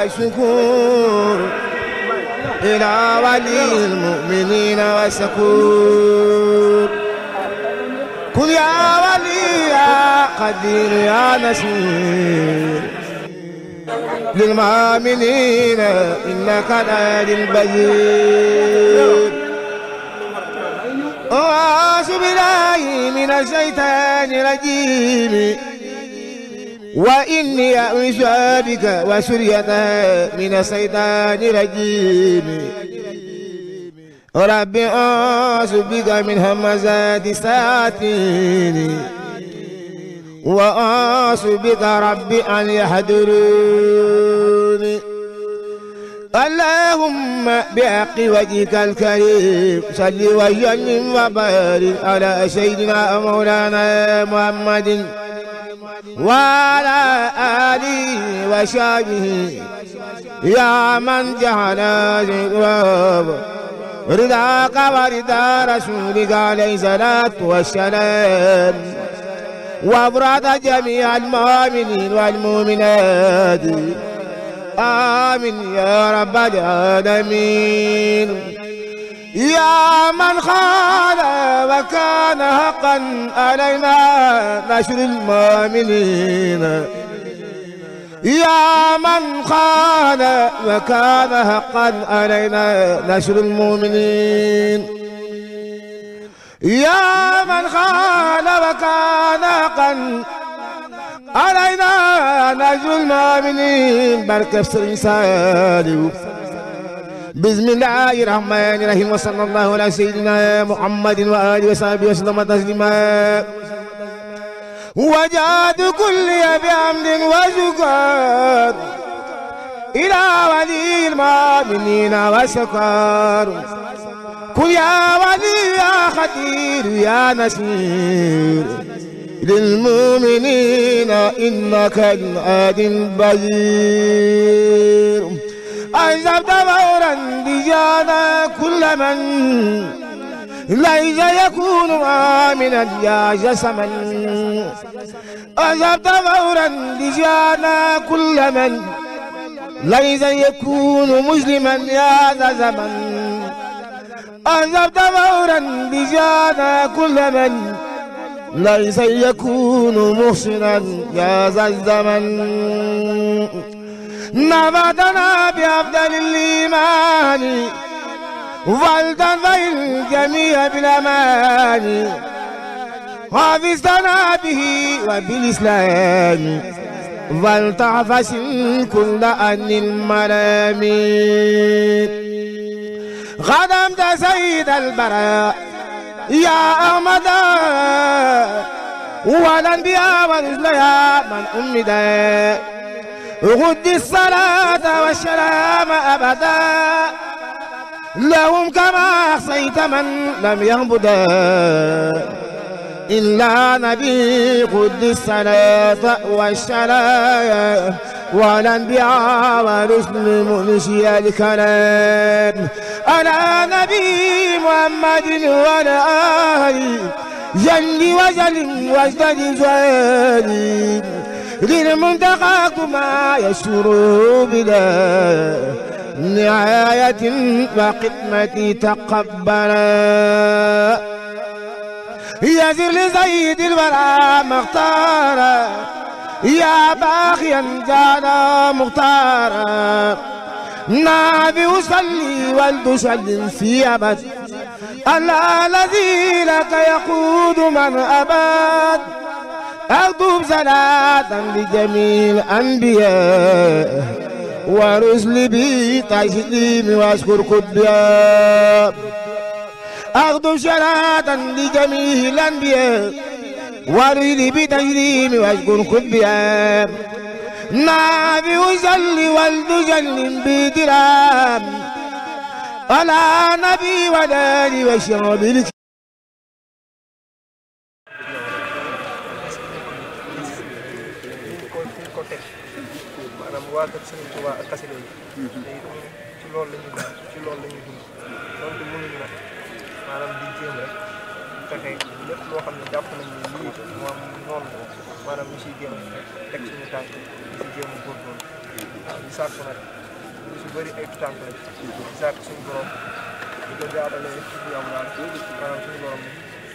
الشكور إلى ولي المؤمنين والشكور كن يا ولي يا قدير يا نسير للمؤمنين إنك لدي البيت أعوذ بالله من الشيطان الرجيم وإني أعيش بك وسريتها من الشيطان الرجيم رب أعوذ بك من همزات الشياطين وأعوذ بك رب أن يحضرون اللهم بحق وجهك الكريم صل وسلم وبارك على سيدنا مولانا محمد وعلى آله وصحبه يا من جعل ذكره رضاك ورضا رسولك عليه الصلاة والسلام وأفراد جميع المؤمنين والمؤمنات آمين يا رب العالمين يا من خان وكان حقا علينا نشر المؤمنين يا من خان وكان حقا علينا نشر المؤمنين يا من خان وكان حقا علينا نشر المؤمنين بركة سرين سالي bismillahi rahmani rahim wa sallallahu ala sayyidina muhammadin wa alihi wa sahbihi wa sallama taslima وجاد كل بعمد وزكار إلى ولي المؤمنين وسكار كن يا ولي يا خدير يا نسير للمؤمنين إنك الأدي البشير أنزلت غورا بجانا كل من ليس يكون آمنا يا جسما أنزلت غورا بجانا كل من ليس يكون مسلما يا ذا زمن أنزلت غورا بجانا كل من ليس يكون محسنا يا ذا الزمن نباتنا بأفضل الإيمان ولتنفي الجميع بالأمان حافظنا به وبالإسلام ولتحفظ كل أن المرام خدمت سيد البراء يا أحمد والأنبياء والإسلام من أمدا غد الصلاة والسلام أبدا لهم كما أحصيت من لم يعبد إلا نبي غد الصلاة والسلام والأنبياء ورسل منشي الكلام على نبي محمد وعلى آله جل وجل واجتنب للمنتقاكما يسر بلا نعاية وقدمة تقبلا يسر لزيد الورى مختارا يا باقيا جانا مختارا نابي وصلي والدشل في أبد الله الذي لك يقود من أبد أقوم صلاة لجميع الأنبياء ورسل بي تسليم واشكر قديا أقدم صلاة لجميع الأنبياء ورسل بي تسليم واشكر قديا نافي وصلي والتسلم بدرام على نبي وداري وشعب waa kër Serigne Touba ak xasida yi ci loolu la ci loolu la dund donc mënuñu nag maanaam di jéem rek fexe lépp loo ne jàpp maanaam ñu siy teg suñu tànk ñu si jéem a góorgóorlu waaw ñu sàkk nag lu si bëri ay tànk la ñu sàkk suñu borom ñu ko jaarale ci yàlla daal maanaam suñu borom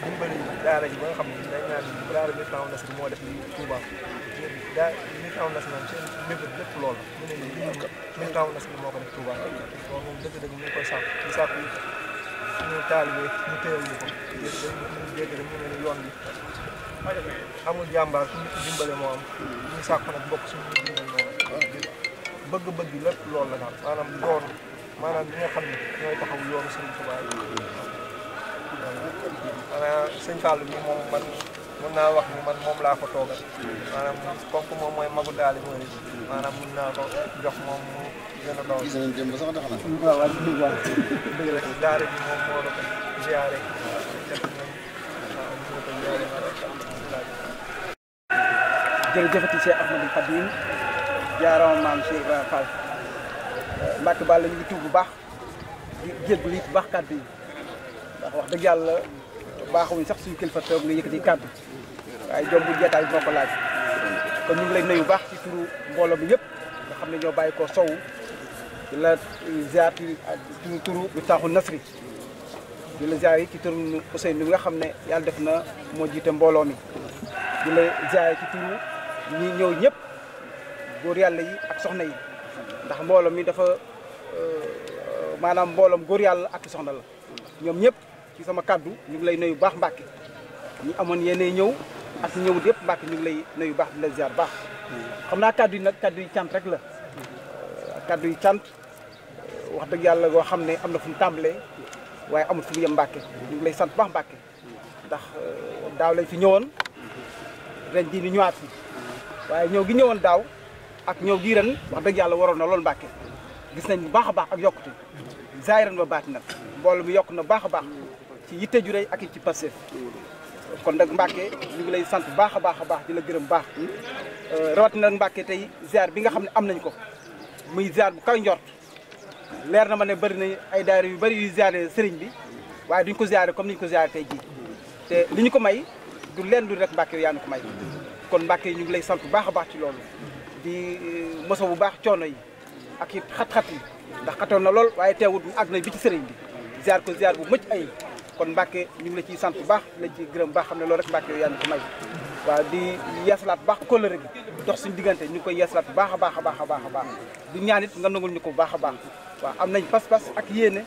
dimbali daara ji ba nga xam ne dañ naan daara bi taw nas bi moo def lii Touba daa mi taw nas moom seen mébét lépp lool mu ne nii mi taw nas bi moo ko def Touba loolu moom dëgg-dëgg ñu ngi koy sàkk di sàkk yi ñu taalibe ñu téyal ñu ko ñu dégg rek mu ne nii yoon bi amul jàmbaar ku ñu ko dimbale moo am ñu sàkk nag bokk suñu dimbal noonu bëgg-bëgg lépp loolu la daal maanaam yoon maanaam ñi nga xam ne ñooy taxaw yoonu Sëriñ Touba maanaam sëñ Fallou bi moom man mun naa wax ni man moom laa ko toogal maanaam mun naa ko jox moom mu gën a doon. gis nañ jëm ba sax dafa naan. waaw waaw dëgg la daara bi moom moo la ko ziare. jërëjëfati Cheikh Ahmadou Khadim jaaraama ndax wax dëgg yàlla baaxuñu sax suñu kilifa toog nga yëkkati kàddu waaye jom bu jeetaay bi ko laaj kon ñu ngi lay nuyu baax ci turu mbooloo bi yëpp nga xam ne ñoo bàyyi ko sow di la euh, ziar ci turu turu bi taaxu nasri di la ziar yi ci turu Ousseynou nga xam ne yàlla def na moo jiite mbooloo mi di la ziar ci turu ñi ñëw ñëpp góor yàlla yi ak soxna yi ndax mbooloo mi dafa euh, maanaam mbooloom góor yàlla ak soxna la ñoom ñëpp ci sama kàddu ñu ngi lay nuyu baax Mbàkke ñu amoon yéenay ñëw ak ñëw yëpp Mbàkke ñu ngi lay nuyu baax di la ziar baax xam naa kàddu yi nag kàddu yi cant rek la euh, kàddu yi cant euh, wax dëgg yàlla goo xam ne am na fu mu tàmbalee waaye amul fu mu yem Mbàkke ñu ngi lay sant baax Mbàkke ndax euh, daaw lañ fi ñëwoon ren jii ni ñëwaat fi waaye ñëw gi ñëwoon daaw ak ñëw gi ren wax dëgg yàlla waroon na loolu Mbàkke gis nañ bu baax a baax ak yokkute zaayiran ba baati nag mbooloo mi yokk na baax baax ci yitte ju rëy ak ci passé kon nag Mbacke ñu ngi lay sant baax a baax a baax di la gërëm baax euh, rawatina nag Mbacke tey ziar bi nga xam ne am nañ ko muy ziar bu kaw njort leer na ma ne bëri na ay daayira yu bëri yuy ziare sëriñ bi waaye duñ ko ziare comme ni ñu ko ziare tey jii te li ñu ko may du leen du rek Mbacke yaa ñu ko may kon Mbacke ñu ngi lay sant bu baax a baax ci loolu di euh, moso bu baax coono yi ak it xat-xat yi ndax xatoon na lool waaye teewut mu àgg na bi ci sëriñ bi ziar ko ziar bu mëcc ay kon Mbacke ñu ngi la ciy sant bu baax la ciy gërëm baax xam ne loolu rek Mbacke yooyu yaa ko may waaw di yeesalaat baax kóllëre gi dox suñu diggante ñu ngi koy yeesalaat bu baax a baax a baax a baax a baax di ñaan it nga nangul ñu ko bu baax a baax waaw am pas-pas ak yéene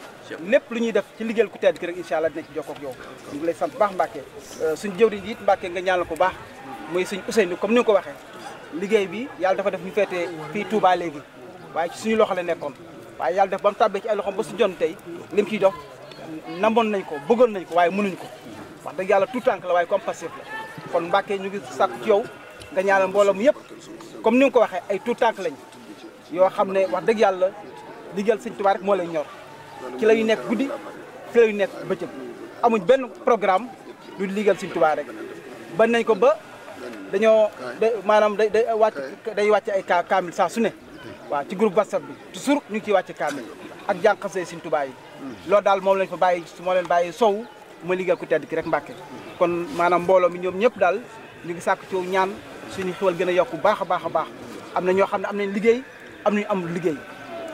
lépp lu ñuy def ci liggéeyal ku tedd ki rek incha allah dina ci jokkoo ak yow ñu ngi lay sant baax Mbacke euh, suñu jëwriñ it Mbacke nga ñaanal ko baax muy suñ Ousseynou comme ni nga ko waxee liggéey bi yàlla dafa def ñu feetee fii Touba léegi waaye ci suñu loxo la nekkoon waaye yàlla def ba mu tàbbee ci jon tey lim ciy namoon nañ ko bëggoon nañ ko waaye mënuñ ko wax dëgg yàlla tout tànk la waaye comme passif la kon Mbàkke ñu ngi sàkku ci yow nga ñaanal mbooloo mi yëpp comme ni nga ko waxee ay tout tànk lañ yoo xam ne wax dëgg yàlla liggéeyal sëñ Tuubaa rek moo lay ñor ci la nekk guddi ci yi ñu nekk bëccëg amuñ benn programme lu liggéeyal sëñ Tuubaa rek ban nañ ko ba dañoo da maanaam day day wàcc day wàcc ay kaamil saa su ne waaw ci groupe WhatsApp bi toujours ñu ngi ciy wàcc kaamil ak jànqasee sëñ Tuubaa yi loolu daal moom lañ fa bàyyi su moo leen bàyyi sow ma liggéey ku tedd ki rek Mbàkke kon maanaam mbooloo mi ñoom ñëpp daal ñu ngi sàkk coow ñaan suñu xewal gën a yokk baax a baax a baax am na ñoo xam ne am nañ liggéey am nañu amul liggéey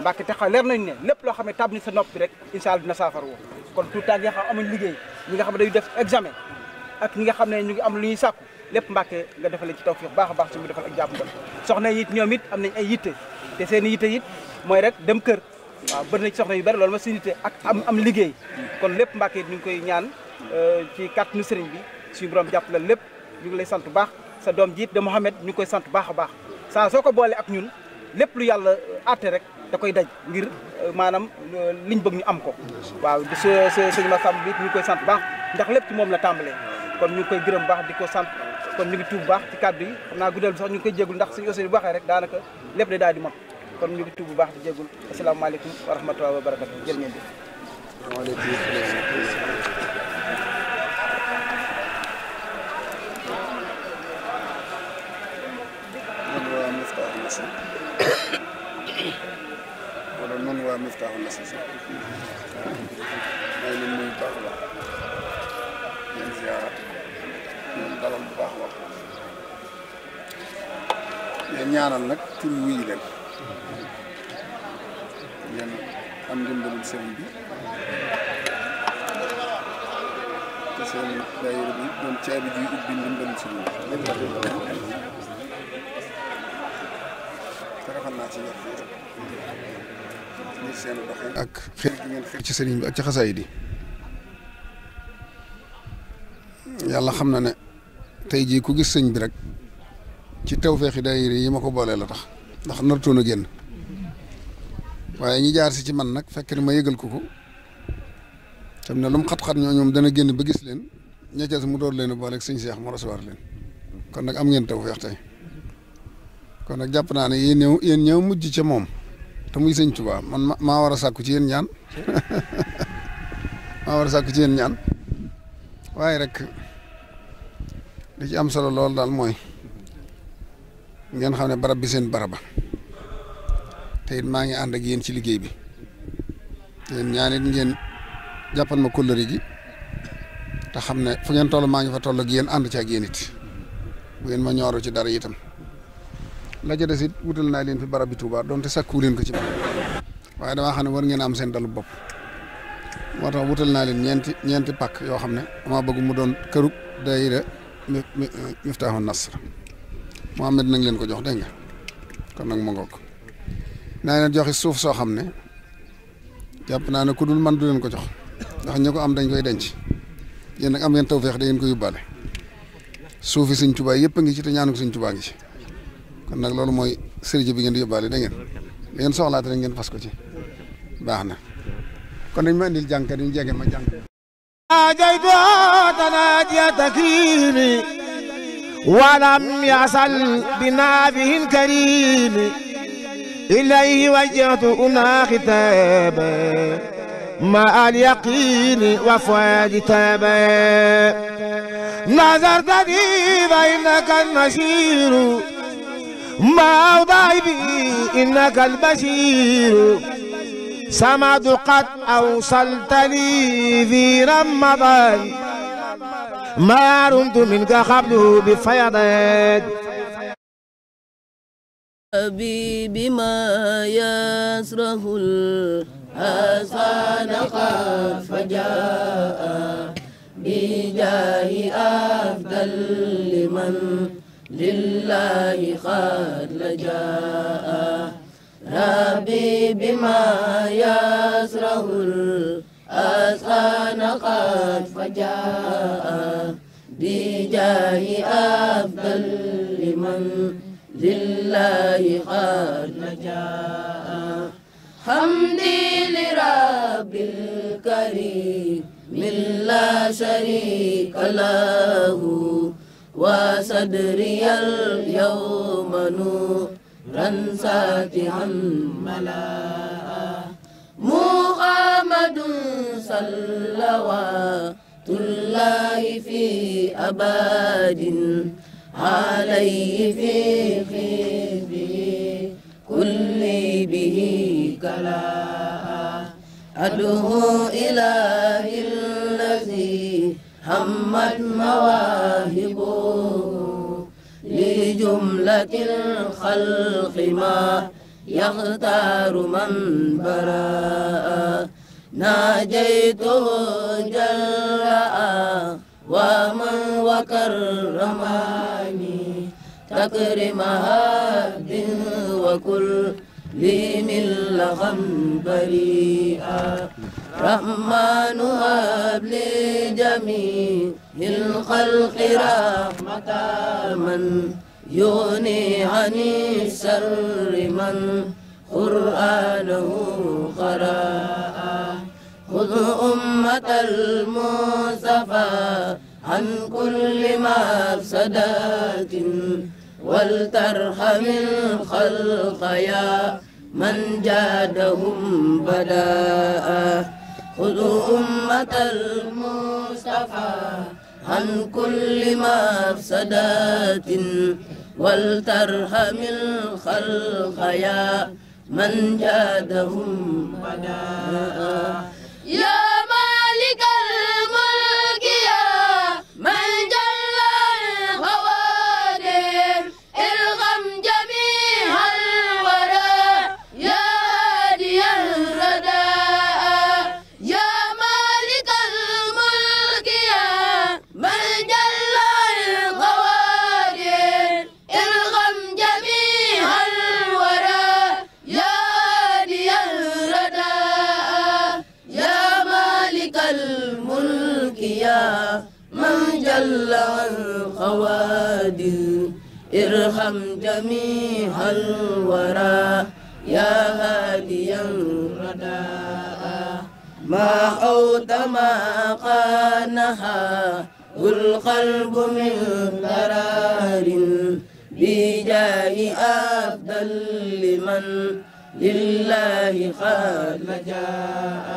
Mbàkke te xam leer nañu ne lépp loo xam ne tab ni sa nopp rek incha na dina saafar woo kon tout temps yi nga xam liggéey ñi nga xam ne dañu def examen ak ñi nga xam ne ñu ngi am lu ñuy sàkku lépp Mbàkke nga defale ci tawfiix baax a baax suñu defal ak jàpp soxna it ñoom it am nañ ay yitte te seen yitte it mooy rek dem kër waaw bëri na ci soxna yu bëri loolu ma sinité ak am am liggéey kon lépp Mbàkke yi ngi koy ñaan euh, ci nu sëriñ bi suñu borom jàpp la lépp ñu ngi lay sant bu baax sa doom jiit de Mohamed ñu ngi koy sant baax a baax saa soo ko boole ak ñun lépp lu yàlla euh, àtte rek da koy daj ngir euh, maanaam liñ bëgg ñu am ko waaw s sëñ Massamba bi ñu ngi koy sant baax ndax lépp ci moom la tàmbalee kon ñu ngi koy gërëm baax di ko sant kon ñu ngi tuub baax ci kàddu yi xam naa guddal bi sax ñu koy jégul ndax suñu aussi bu waxee rek daanaka lépp day daal di mot kon ñu ngi tuub bu baax di jégul asalaamaaleykum wa rahmatulah wa barakatu jërë ngeen jëf wala noonu waa Miftahul Nasri sax may leen nuyu baax a baax leen ziara leen dalal bu baax a baax leen ñaanal nag tur wuyu leen am ndimbalul sëriñ bi te ak xel ci sëriñ bi ak ci xasaay di yàlla xam na ne tey jii ku gis sëñ bi rek ci tawféexi daayira yi ma ko boolee la tax ndax nartoon a génn waaye ñi jaar si ci man nag fekke ni ma yëgal ko ko tam ne lu mu xat-xat ñoo ñoom dana génn ba gis leen ñecca si mu door leen booleeg sëñ Seex mu war leen kon nag am ngeen tawfeex tey kon nag jàpp naa ne yéen ñëw ñëw mujj ca moom te muy sëñ Tuubaa man ma war a sàkku ci yéen ñaan maa ci yéen ñaan waaye rek li ci am solo lool daal mooy ngeen xam ne barab bi seen baraba te it maa ngi ànd ak yéen ci liggéey bi yéen ñaan it ngeen jàppal ma kóllëre gi te xam ne fu ngeen toll maa ngi fa toll ak yéen ànd ci ak yéen it bu ngeen ma ñooru ci dara itam la ca des it wutal naa leen fi barab bi Touba donte sakku leen ko ci waaye dama xam ne war ngeen am seen dalu bopp moo tax wutal naa leen ñeenti ñeenti pàkk yoo xam ne dama bëgg mu doon këru daayira Miftahun Nasr Mouhamed nañ leen ko jox dégg nga kon nag ma naa leen joxe suuf soo xam ne jàpp naa ne ku dul man du leen ko jox ndax ñu ko am dañ koy denc yéen nag am ngeen tawféex da ngeen ko yóbbaale suufi Sëñ Tuubaa yëpp a ngi ci te ñaanu suñ Sëñ ngi ci kon nag loolu mooy sëriñ bi ngeen di yóbbaale da ngeen da ngeen soxlaate rek ngeen ci baax na kon dañ ma indil jàngkat yi ñu jege ma jàng. ولم يصل بنابه الكريم إليه وجهت أنا ختابا مع اليقين وفؤاد تابا نظرت لي فإنك النشير ما أوضعي بي إنك البشير سمعت قد أوصلت لي في رمضان ما رمت منك قبله بفيضك بما يسره الحسن قد فجاء بجاه أفضل لمن لله قد لجاء ربي بما يسره الحسن أسأل قد فجاء بجاه أفضل لمن لله قد نجاء حمدي لرب الكريم من لا شريك له وصدري اليوم نورا ساتحا ملأ محمد صلوات الله في أباد عليه في خيره كل به كلا أدعو إله الذي همت مواهبه لجملة الخلق ما يختار من براه ناجيته جلاء ومن وكرمني تكرم هاد وكل لي من لغم بريئا رحمن هب لجميع الخلق رحمة من يغني عن الشر من قرآنه قرأ خذ أمة المصطفى عن كل مفسدات ولترحم الخلق يا من جادهم بداء خذ أمة المصطفى عن كل مفسدات ولترحم الخلق يا من جادهم بداء محمد ارحم جميع الورى يا هاديا رداء ما حوت ما قانها والقلب من قرار بجاه أفضل لمن لله قد لجاء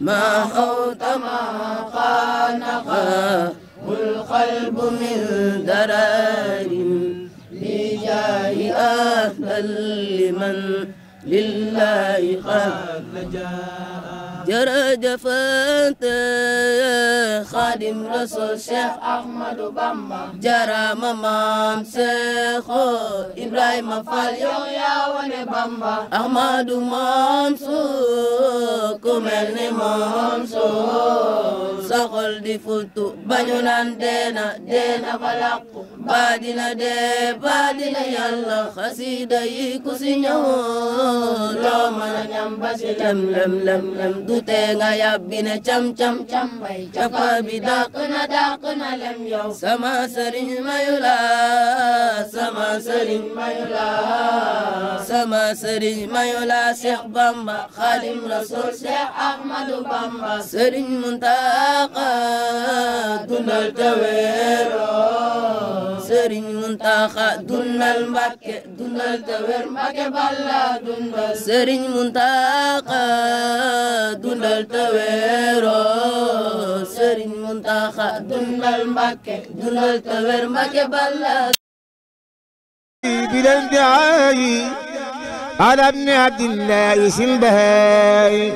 ما حوت ما قانها القلب من درار لجاه أهلا لمن لله قد نجاه jërëjëfante Xaadim Rasul Cheikh Ahmadou Bamba jarama maam Seexo Ibrahima Fall yow yaa wane Bamba Ahmadou Mansour ku mel ni Mansour saxol di futu bañu deena deena balaqu baadina dee baadina yàlla xasida yi ku si ñëwoon loo mën a lem lem lem lem te nga yàbbi ne cam cam capa bi dàq na dàq na lem yow sama sëriñ mayu la sama sëriñ mayu la sama sëriñ mayu la Cheikh Bamba Xadim Rasul Cheikh Ahmadou Bamba sëriñ Muntaqa dundal taweero sëriñ muntaxa dundal mbàkke dundal te wér balla dundal sëriñ muntaxa dundal te weeroo Serigne Mountakha dundal Mbacké dundal te weer Mbacké balla bilan daayi ala ibni abdillahi simbahayi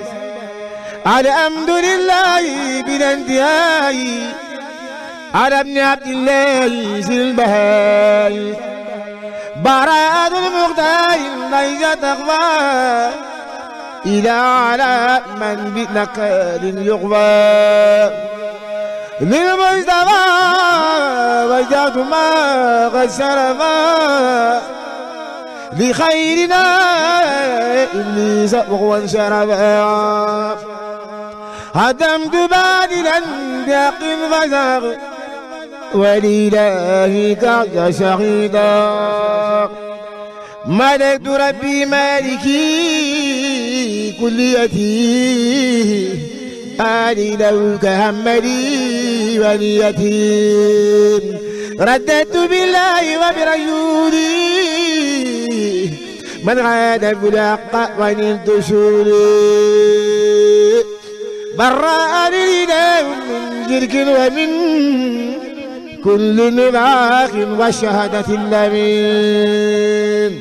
alhamdulillahi bilan daayi ala ibni abdillahi simbahayi baraadul muxtaari may ja taxwaa إذا على من بنكر يغوى للمجتمع وجدت ما قد سرفا لخيرنا إبليس أغوى شرفا هدمت بادلا بحق فزغ ولله كعد شهيدا ملكت ربي مالكي كليتي آلي لوك هملي واليتيم رددت بالله وبرسولي من عاد بالحق ونلت شوري برأني الله من شرك ومن كل نباق وشهادة الأمين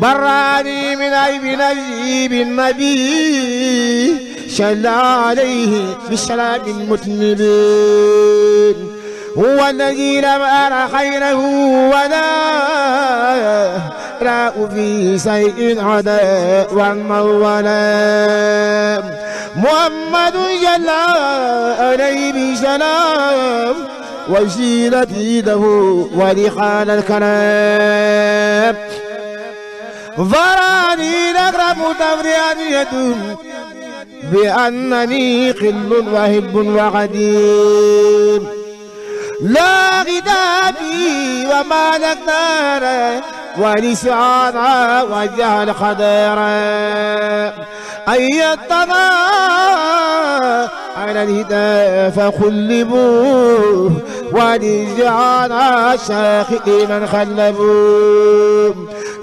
براني من عيب نبي بالنبي صلى عليه بسلام متنبين هو الذي لم أر خيره ولا رأى في شيء عدا والمولى محمد جل عليه بسلام وسيلتي له ورحال الكلام ظراني نغرب تفريان يدوم بأنني قل وهب وقديم لا غدابي وما نكتار ولسانا وجعل قدرا أن يطغى على الهدى فقلبوه ولجعل شاخئ من خلبوه